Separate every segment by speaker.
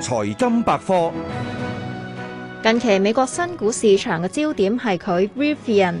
Speaker 1: 財金百科。近期美國新股市場嘅焦點係佢 Rivian。Riv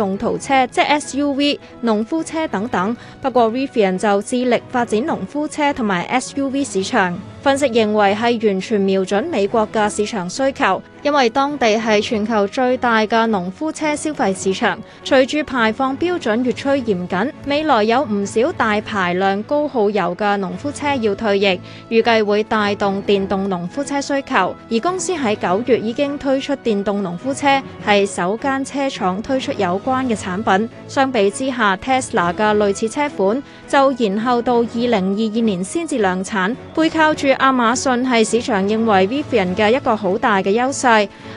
Speaker 1: 用途車，即 SUV、農夫車等等。不過 Rivian 就致力發展農夫車同埋 SUV 市場。分析認為係完全瞄準美國嘅市場需求。因為當地係全球最大嘅農夫車消費市場，隨住排放標準越趨嚴謹，未來有唔少大排量高耗油嘅農夫車要退役，預計會帶動電動農夫車需求。而公司喺九月已經推出電動農夫車係首間車廠推出有關嘅產品。相比之下，Tesla 嘅類似車款就延後到二零二二年先至量產，背靠住亞馬遜係市場認為 Rivian 嘅一個好大嘅優勢。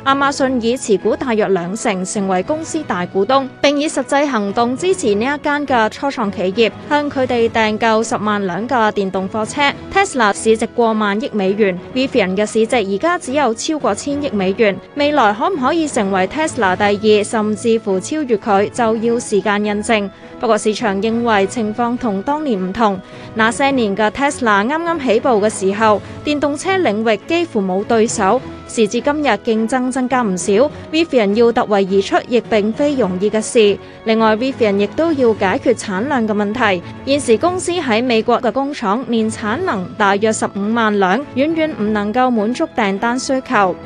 Speaker 1: 亞馬遜以持股大約兩成成為公司大股東，並以實際行動支持呢一間嘅初創企業，向佢哋訂購十萬輛嘅電動貨車。Tesla 市值過萬億美元，Rivian 嘅市值而家只有超過千億美元。未來可唔可以成為 Tesla 第二，甚至乎超越佢，就要時間印證。不過市場認為情況同當年唔同，那些年嘅 Tesla 啱啱起步嘅時候，電動車領域幾乎冇對手。時至今日，競爭增加唔少，Rivian 要突圍而出亦並非容易嘅事。另外，Rivian 亦都要解決產量嘅問題。現時公司喺美國嘅工廠年產能大約十五萬輛，遠遠唔能夠滿足訂單需求。